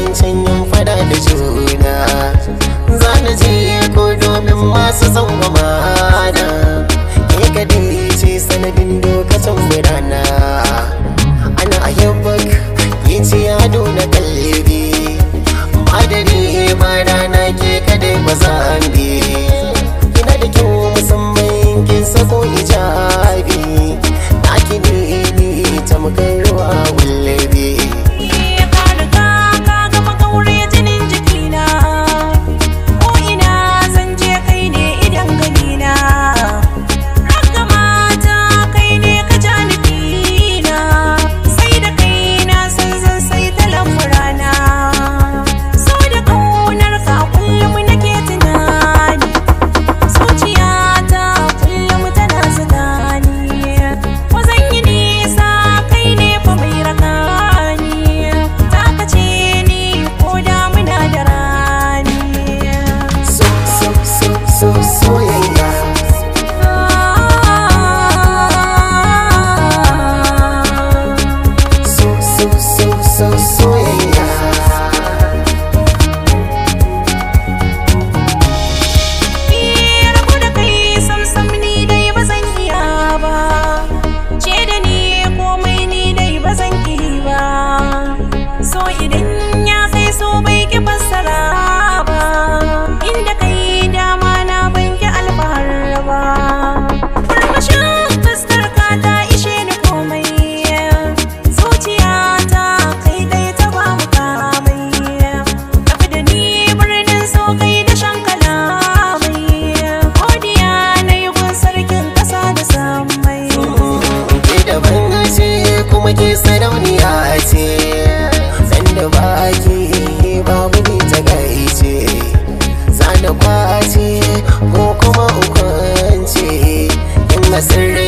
jin sanyin fada da juna za na je ko domin masu zama mana ke kadai ce sanadin lokacin gudana ana a yabbak ke ce ya dona kallibi madari ma rana ke kadai ba za muke sarauniya a ce sanda ba ki babu ni ta gaice za da kwace ko kuma ukance yin sirri